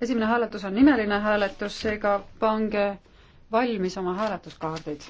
esimene hääletus on nimeline hääletus, seega pange valmis oma hääletuskaardid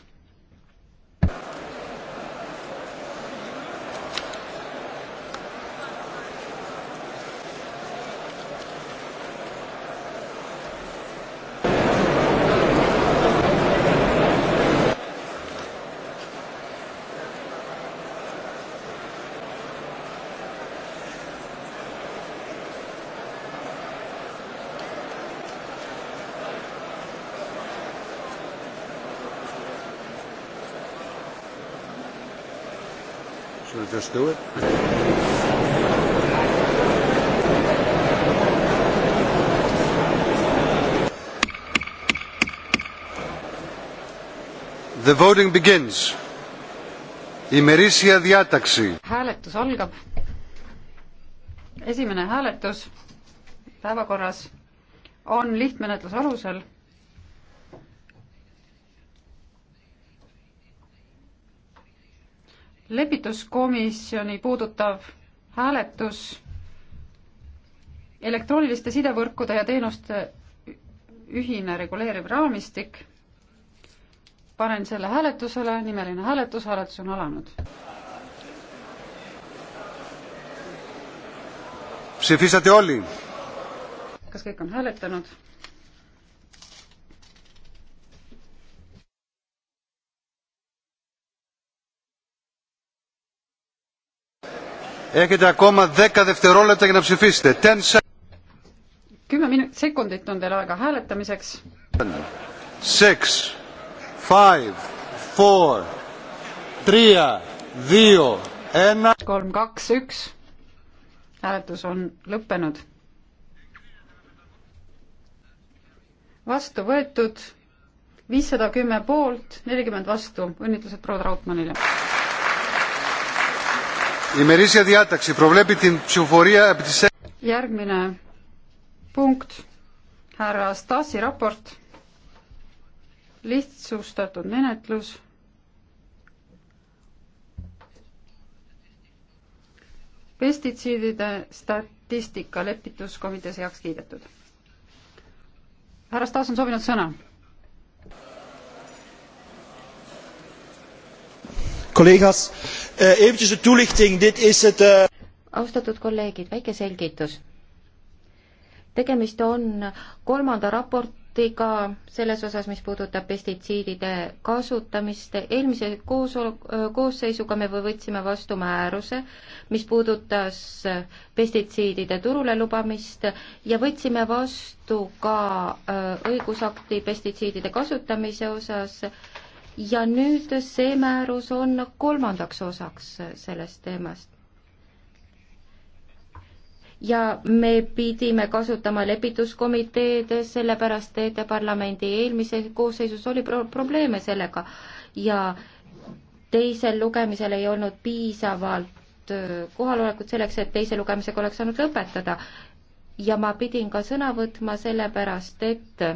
we'll just do it. The voting begins. ημερήσια διάταξη. Hääletus algab. Esimene hääletus päevakorras on lihtmenetluse alusel lepituskomisjoni puudutav hääletus elektrooniliste sidevõrkude ja teenuste ühine reguleeriv raamistik. panen selle hääletusele, nimeline hääletus, hääletus on alanud. kas kõik on hääletanud? Έχετε ακόμα 10 δευτερόλεπτα για να ψηφίσετε. 10 kümme minut-, sekundit on teil aega hääletamiseks. Six, five, four, three, two, ena. kolm, kaks, üks. hääletus on lõppenud. vastu võetud viissada kümme poolt, nelikümmend vastu. õnnitlused proua Trautmannile järgmine punkt, härra Stasi raport, lihtsustatud menetlus pestitsiidide statistika lepituskomitees heaks kiidetud. härra Staas on soovinud sõna collega's, eh, eventjes de toelichting, dit is het eh, austatud kolleegid, väike selgitus. tegemist on kolmanda raportiga selles osas, mis puudutab pestitsiidide kasutamist. eelmise koosolek, eh, koosseisuga me võtsime vastu määruse, mis puudutas pestitsiidide turule lubamist ja võtsime vastu ka õigusakti pestitsiidide kasutamise osas ja nüüd see määrus on kolmandaks osaks sellest teemast. ja me pidime kasutama lepituskomiteed, sellepärast et parlamendi eelmises koosseisus oli pro-, probleeme sellega ja teisel lugemisel ei olnud piisavalt äh, kohalolekut selleks, et teise lugemisega oleks saanud lõpetada. ja ma pidin ka sõna võtma sellepärast, et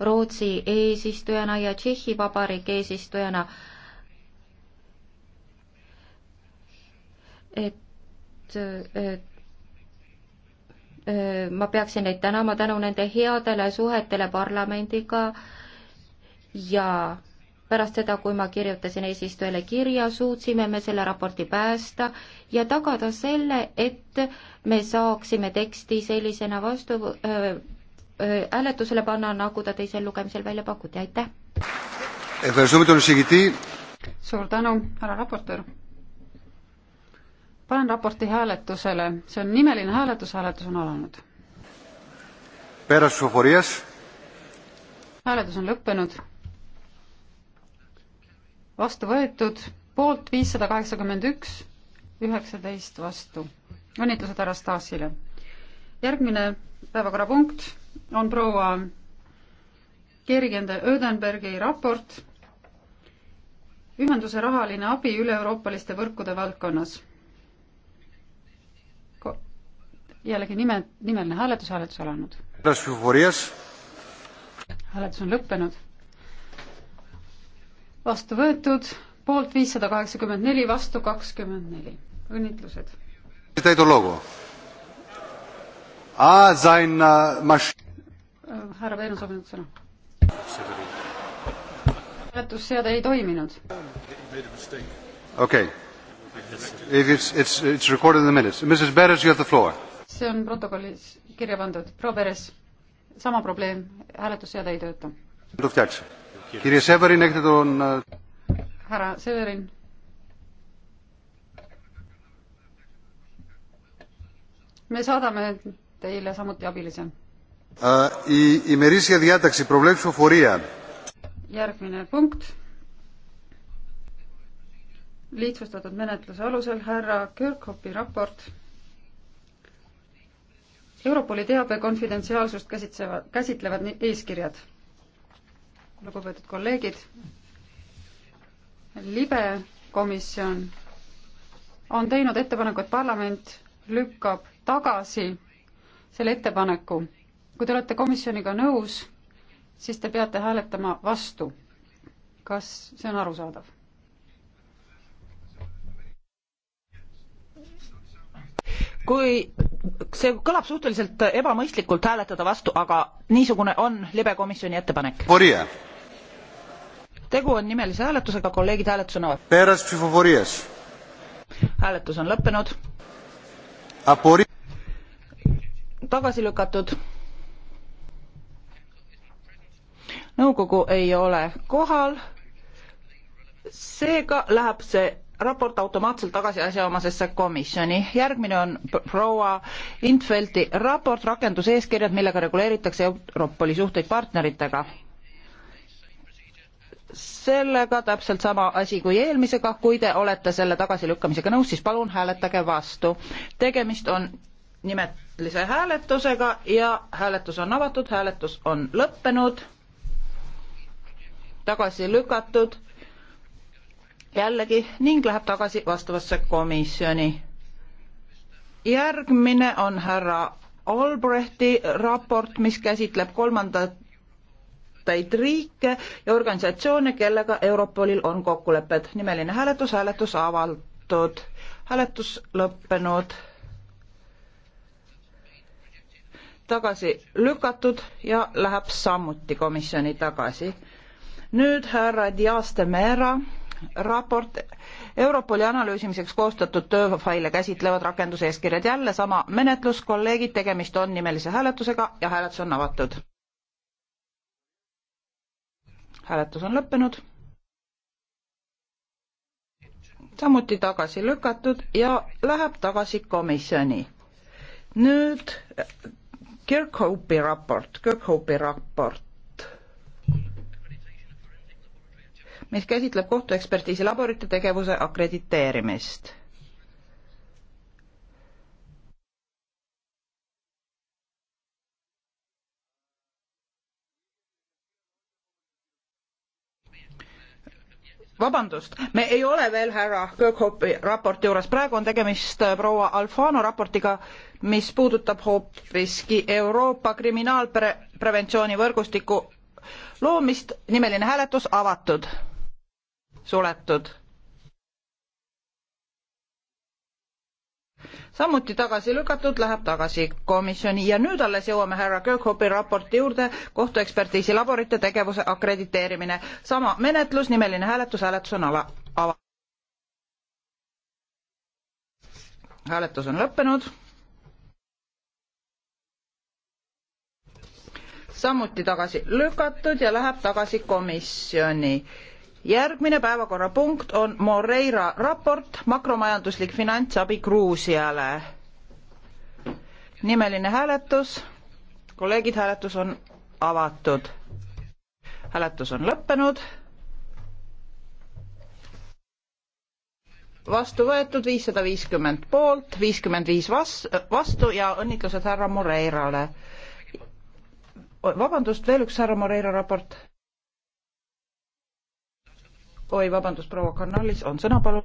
Rootsi eesistujana ja Tšehhi Vabariik eesistujana. et, et ma peaksin neid tänama tänu nende headele suhetele parlamendiga ja pärast seda, kui ma kirjutasin eesistujale kirja, suutsime me selle raporti päästa ja tagada selle, et me saaksime teksti sellisena vastu, hääletusele panna, nagu ta teisel lugemisel välja pakuti, aitäh! suur tänu, härra raportöör! panen raporti hääletusele, see on nimeline hääletus, hääletus on alanud. hääletus on lõppenud. vastu võetud, poolt viissada kaheksakümmend üks, üheksateist vastu. õnnitlused härra Stasile. järgmine päevakorrapunkt on proua Kergende Ödenbergi raport ühenduse rahaline abi üle-euroopaliste võrkude valdkonnas. jällegi nime, nimeline hääletus, hääletus alanud. hääletus on lõppenud. vastu võetud, poolt viissada kaheksakümmend neli, vastu kakskümmend neli. õnnitlused. täidu lugu. A sein äh, Masch- härra Peenus on nüüd sõna. hääletusseade ei toiminud. okei okay.. If it's, it's, it's recorded in the minutes. Mrs Beres, you have the floor. see on protokollis kirja pandud. proua Beres, sama probleem, hääletusseade ei tööta. kirja Severin, ehk ta on äh, härra Severin me saadame teile samuti abilise. Η ημερήσια διάταξη προβλέπει ψηφοφορία. Järgmine punkt. Lihtsustatud menetluse alusel härra Kirkhopi raport. Europoli teabe konfidentsiaalsust käsitlevad, käsitlevad eeskirjad. Lugupeetud kolleegid, libe komisjon on teinud ettepaneku, et parlament lükkab tagasi selle ettepaneku kui te olete komisjoniga nõus, siis te peate hääletama vastu. kas see on arusaadav? kui see kõlab suhteliselt ebamõistlikult hääletada vastu, aga niisugune on libe komisjoni ettepanek. tegu on nimelise hääletusega, kolleegid, hääletus on avatud. hääletus on lõppenud. tagasi lükatud nõukogu ei ole kohal. seega läheb see raport automaatselt tagasi asjaomasesse komisjoni. järgmine on proua Intveldi raport rakenduseeskirjad, millega reguleeritakse Europoli suhteid partneritega. sellega täpselt sama asi kui eelmisega, kui te olete selle tagasilükkamisega nõus, siis palun hääletage vastu. tegemist on nimetlise hääletusega ja hääletus on avatud, hääletus on lõppenud tagasi lükatud jällegi ning läheb tagasi vastavasse komisjoni. järgmine on härra Albrechti raport, mis käsitleb kolmandaid riike ja organisatsioone, kellega Europolil on kokkulepped. nimeline hääletus, hääletus avatud, hääletus lõppenud, tagasi lükatud ja läheb samuti komisjoni tagasi nüüd härra Dias de Mera raport Europoli analüüsimiseks koostatud tööfaile käsitlevad rakenduseeskirjad. jälle sama menetlus, kolleegid, tegemist on nimelise hääletusega ja hääletus on avatud. hääletus on lõppenud. samuti tagasi lükatud ja läheb tagasi komisjoni. nüüd Kirkhope'i raport, Kirkhope'i raport. mis käsitleb kohtuekspertiisi laborite tegevuse akrediteerimist. vabandust, me ei ole veel härra Kirkhopi raporti juures, praegu on tegemist äh, proua Alfano raportiga, mis puudutab hoopiski Euroopa kriminaalpreventsioonivõrgustiku loomist, nimeline hääletus avatud suletud. samuti tagasi lükatud, läheb tagasi komisjoni ja nüüd alles jõuame härra Kirkhopi raporti juurde, kohtuekspertiisi laborite tegevuse akrediteerimine. sama menetlus, nimeline hääletus, hääletus on ala, ava-. hääletus on lõppenud. samuti tagasi lükatud ja läheb tagasi komisjoni järgmine päevakorrapunkt on Moreira raport makromajanduslik finantsabi Gruusiale. nimeline hääletus. kolleegid, hääletus on avatud. hääletus on lõppenud. vastu võetud viissada viiskümmend poolt, viiskümmend viis vastu ja õnnitlused härra Moreirale. vabandust, veel üks härra Moreira raport oi, vabandust, proua Karnalis on sõna, palun.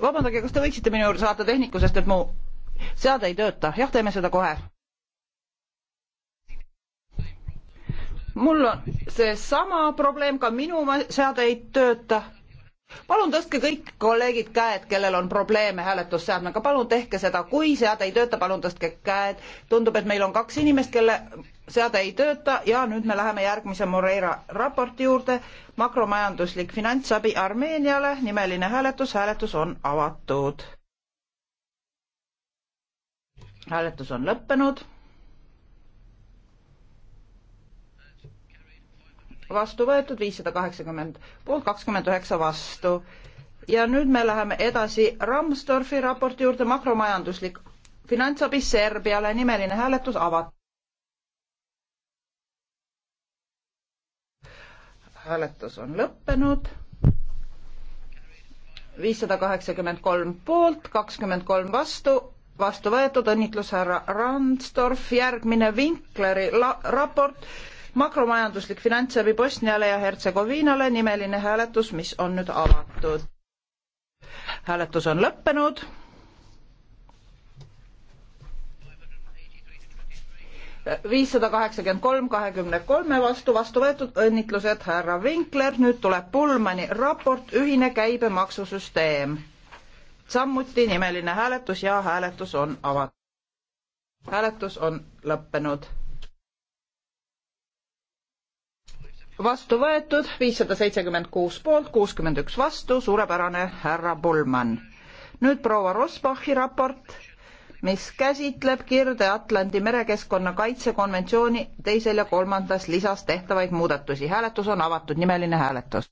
vabandage, kas te võiksite minu juurde saata tehniku, sest et mu seade ei tööta. jah, teeme seda kohe. mul on seesama probleem, ka minu seade ei tööta palun tõstke kõik kolleegid käed, kellel on probleeme hääletusseadmega, palun tehke seda, kui seade ei tööta, palun tõstke käed. tundub, et meil on kaks inimest, kelle seade ei tööta ja nüüd me läheme järgmise Moreira raporti juurde. makromajanduslik finantsabi Armeeniale, nimeline hääletus, hääletus on avatud. hääletus on lõppenud. vastu võetud viissada kaheksakümmend poolt, kakskümmend üheksa vastu. ja nüüd me läheme edasi Ramsdorfi raporti juurde, makromajanduslik finantsabi Serbiale, nimeline hääletus avatud. hääletus on lõppenud. viissada kaheksakümmend kolm poolt, kakskümmend kolm vastu, vastu võetud, õnnitlus härra Randstorf, järgmine Vinkleri raport, makromajanduslik finantsabi Bosniale ja Hertsegoviinale, nimeline hääletus, mis on nüüd avatud. hääletus on lõppenud viissada kaheksakümmend kolm kahekümne kolme vastu, vastu võetud, õnnitlused härra Vinkler, nüüd tuleb Pullmani raport, ühine käibemaksusüsteem. samuti nimeline hääletus ja hääletus on avatud. hääletus on lõppenud. vastu võetud viissada seitsekümmend kuus poolt, kuuskümmend üks vastu, suurepärane härra Pullman. nüüd proua Rosbachi raport mis käsitleb Kirde-Atlandi merekeskkonna kaitsekonventsiooni teisel ja kolmandas lisas tehtavaid muudatusi. hääletus on avatud, nimeline hääletus.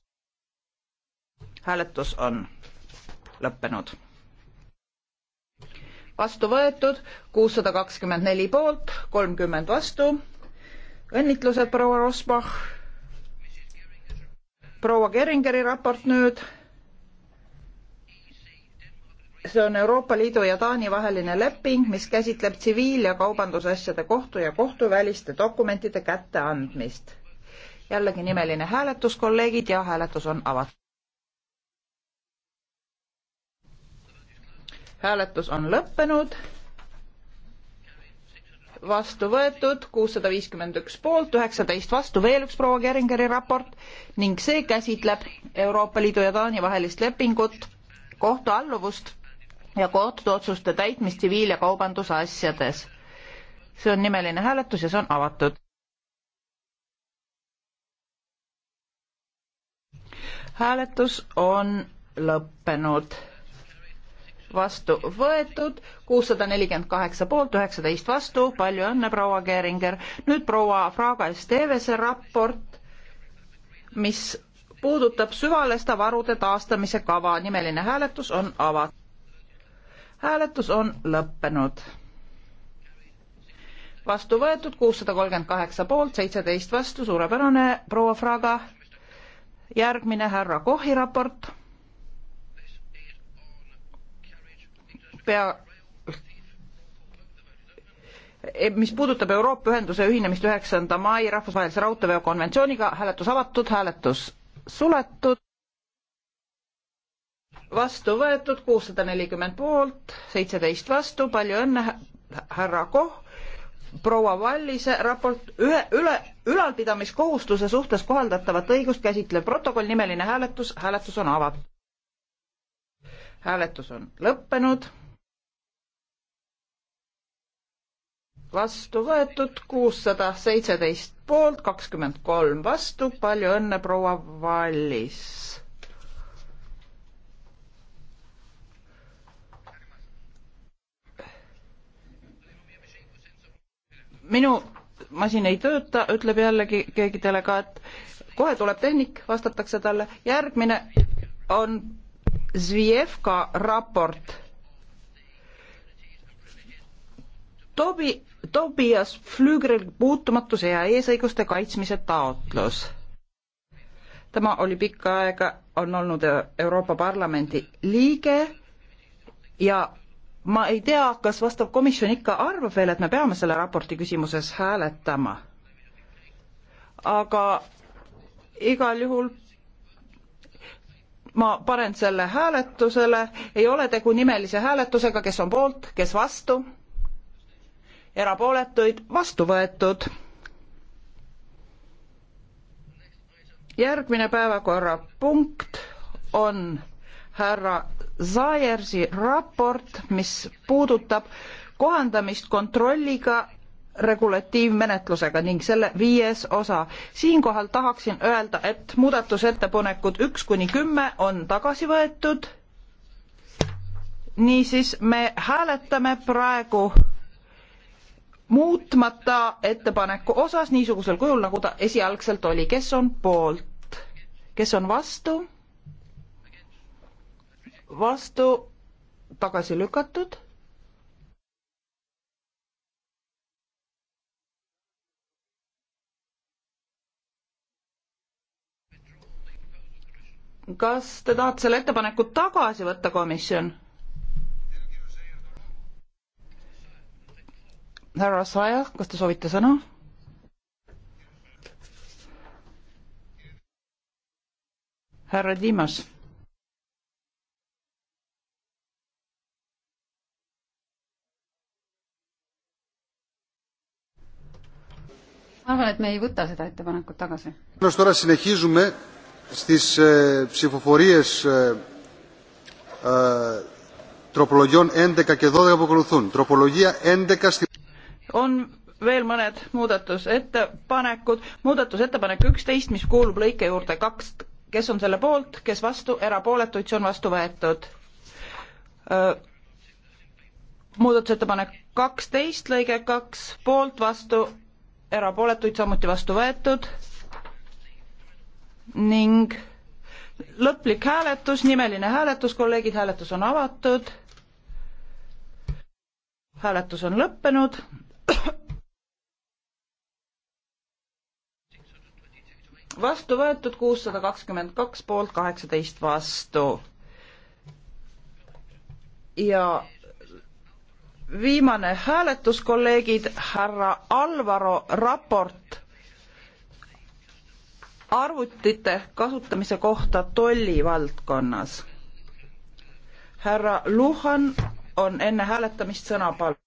hääletus on lõppenud. vastu võetud kuussada kakskümmend neli poolt, kolmkümmend vastu. õnnitlused, proua Rosbach. proua Keringeri raport nüüd see on Euroopa Liidu ja Taani vaheline leping, mis käsitleb tsiviil- ja kaubandusasjade kohtu ja kohtuväliste dokumentide kätteandmist. jällegi nimeline hääletus, kolleegid, ja hääletus on avatud. hääletus on lõppenud. vastu võetud kuussada viiskümmend üks poolt, üheksateist vastu, veel üks proua Keringeri raport ning see käsitleb Euroopa Liidu ja Taani vahelist lepingut kohtualluvust ja kohtuotsuste täitmist tsiviil- ja kaubandusasjades. see on nimeline hääletus ja see on avatud. hääletus on lõppenud. vastu võetud kuussada nelikümmend kaheksa poolt, üheksateist vastu, palju õnne, proua Keringer. nüüd proua Fraga Estevese raport, mis puudutab süvaleste varude taastamise kava, nimeline hääletus on avatud hääletus on lõppenud. vastu võetud kuussada kolmkümmend kaheksa poolt, seitseteist vastu, suurepärane, proua Fraga. järgmine härra Kohi raport. pea, e, mis puudutab Euroopa Ühenduse ühinemist üheksanda mai rahvusvahelise raudteeveo konventsiooniga, hääletus avatud, hääletus suletud vastu võetud, kuussada nelikümmend poolt, seitseteist vastu, palju õnne, härra Koh, proua Vallise raport ühe, üle, ülalpidamiskohustuse suhtes kohaldatavat õigust käsitlev protokoll, nimeline hääletus, hääletus on avatud. hääletus on lõppenud. vastu võetud kuussada seitseteist poolt, kakskümmend kolm vastu, palju õnne, proua Vallis minu masin ei tööta, ütleb jällegi keegi delegaat, kohe tuleb tehnik, vastatakse talle, järgmine on Zvijevka raport. Tobi, Tobias Flügril puutumatuse ja eesõiguste kaitsmise taotlus. tema oli pikka aega, on olnud Euroopa Parlamendi liige ja ma ei tea, kas vastav komisjon ikka arvab veel, et me peame selle raporti küsimuses hääletama. aga igal juhul ma panen selle hääletusele, ei ole tegu nimelise hääletusega, kes on poolt, kes vastu, erapooletuid vastu võetud. järgmine päevakorrapunkt on härra Zajersi raport, mis puudutab kohandamist kontrolliga regulatiivmenetlusega ning selle viies osa. siinkohal tahaksin öelda, et muudatusettepanekud üks kuni kümme on tagasi võetud. niisiis, me hääletame praegu muutmata ettepaneku osas niisugusel kujul, nagu ta esialgselt oli. kes on poolt? kes on vastu? vastu tagasi lükatud. kas te tahate selle ettepaneku tagasi võtta, komisjon? härra Saja, kas te soovite sõna? härra Dimas ma arvan, et me ei võta seda ettepanekut tagasi. Τώρα συνεχίζουμε στις ε, ψηφοφορίες ε, ε, τροπολογιών 11 και 12 που ακολουθούν. Τροπολογία 11 στη... On veel mõned muudatusettepanekud. Muudatusettepanek 11, mis kuulub lõike juurde 2. Kes on selle poolt, kes vastu, erapooletuid, see on vastu võetud. Muudatusettepanek 12, lõige 2, poolt vastu, erapooletuid samuti vastu võetud ning lõplik hääletus, nimeline hääletus, kolleegid, hääletus on avatud. hääletus on lõppenud. vastu võetud kuussada kakskümmend kaks poolt kaheksateist vastu. ja viimane hääletus, kolleegid, härra Alvaro raport arvutite kasutamise kohta tollivaldkonnas. härra Luhan on enne hääletamist sõna palunud.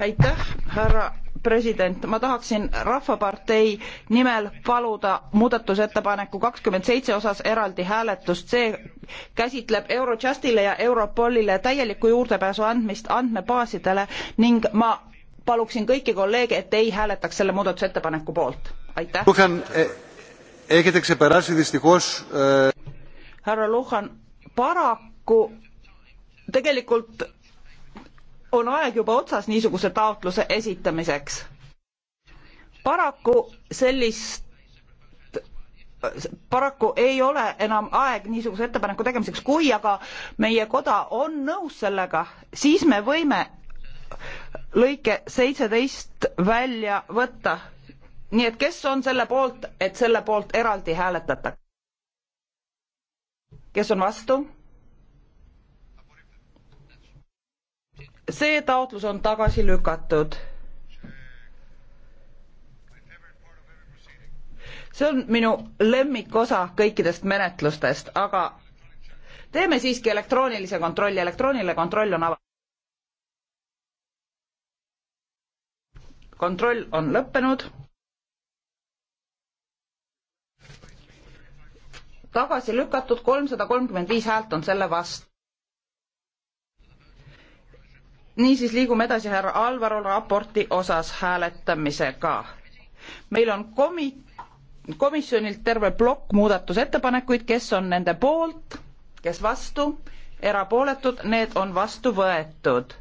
aitäh, härra president, ma tahaksin Rahvapartei nimel paluda muudatusettepaneku kakskümmend seitse osas eraldi hääletust, see käsitleb Eurojustile ja Europolile täielikku juurdepääsu andmist andmebaasidele ning ma paluksin kõiki kolleege, et ei hääletaks selle muudatusettepaneku poolt, aitäh. E, e- härra Luhan, paraku tegelikult on aeg juba otsas niisuguse taotluse esitamiseks. paraku sellist paraku ei ole enam aeg niisuguse ettepaneku tegemiseks, kui aga meie koda on nõus sellega, siis me võime lõike seitseteist välja võtta. nii et kes on selle poolt, et selle poolt eraldi hääletada? kes on vastu? see taotlus on tagasi lükatud. see on minu lemmikosa kõikidest menetlustest, aga teeme siiski elektroonilise kontrolli, elektrooniline kontroll on avatud. kontroll on lõppenud. tagasi lükatud kolmsada kolmkümmend viis häält on selle vastu. niisiis liigume edasi härra Alvaro raporti osas hääletamisega. meil on komi-, komisjonilt terve plokk muudatusettepanekuid, kes on nende poolt, kes vastu, erapooletud, need on vastu võetud.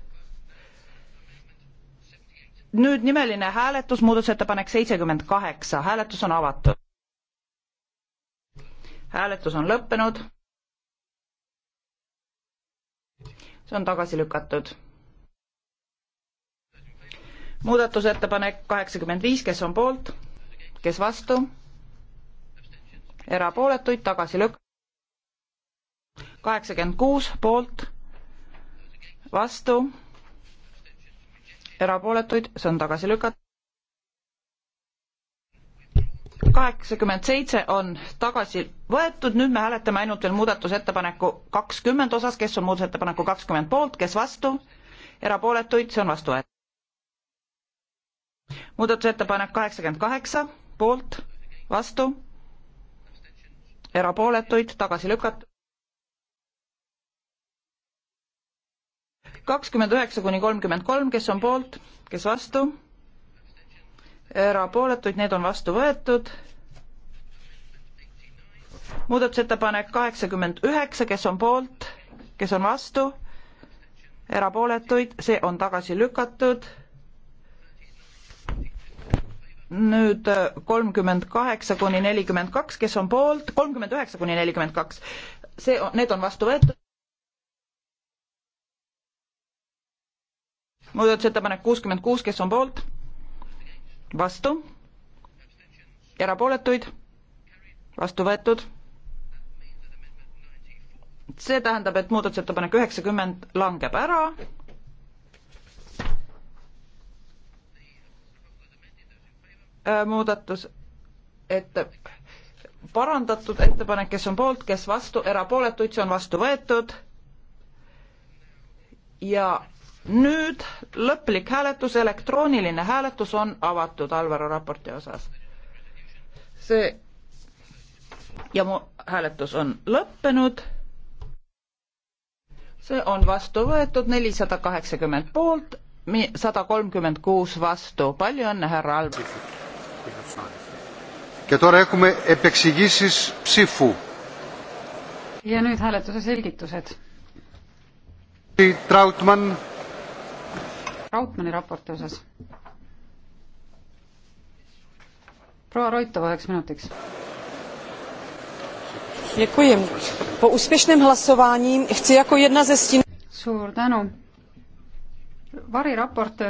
nüüd nimeline hääletus, muudatusettepanek seitsekümmend kaheksa, hääletus on avatud. hääletus on lõppenud. see on tagasi lükatud muudatusettepanek kaheksakümmend viis, kes on poolt, kes vastu, erapooletuid tagasi lük-. kaheksakümmend kuus poolt, vastu, erapooletuid, see on tagasi lükatud. kaheksakümmend seitse on tagasi võetud, nüüd me hääletame ainult veel muudatusettepaneku kakskümmend osas, kes on muudatusettepaneku kakskümmend poolt, kes vastu, erapooletuid, see on vastu võetud muudatusettepanek kaheksakümmend kaheksa, poolt, vastu, erapooletuid, tagasi lükatud. kakskümmend üheksa kuni kolmkümmend kolm, kes on poolt, kes vastu, erapooletuid, need on vastu võetud. muudatusettepanek kaheksakümmend üheksa, kes on poolt, kes on vastu, erapooletuid, see on tagasi lükatud nüüd kolmkümmend kaheksa kuni nelikümmend kaks, kes on poolt, kolmkümmend üheksa kuni nelikümmend kaks. see, need on vastu võetud. muudatusettepanek kuuskümmend kuus, kes on poolt? vastu? erapooletuid? vastu võetud? see tähendab, et muudatusettepanek üheksakümmend langeb ära Äh, muudatus, et parandatud ettepanek, kes on poolt, kes vastu, erapooletuid, see on vastu võetud. ja nüüd lõplik hääletus, elektrooniline hääletus on avatud Alvaro raporti osas. see ja mu hääletus on lõppenud. see on vastu võetud nelisada kaheksakümmend poolt, sada kolmkümmend kuus vastu. palju õnne, härra Alvar! ja τώρα έχουμε επεξηγήσεις ψήφου. Ja nüüd hääletuse selgitused. Trautmann. Trautmanni raporti osas. Proua Roitova üheks minutiks. Děkuji. Po úspěšném hlasování chci jako jedna ze stín... Suur tänu. Variraportöö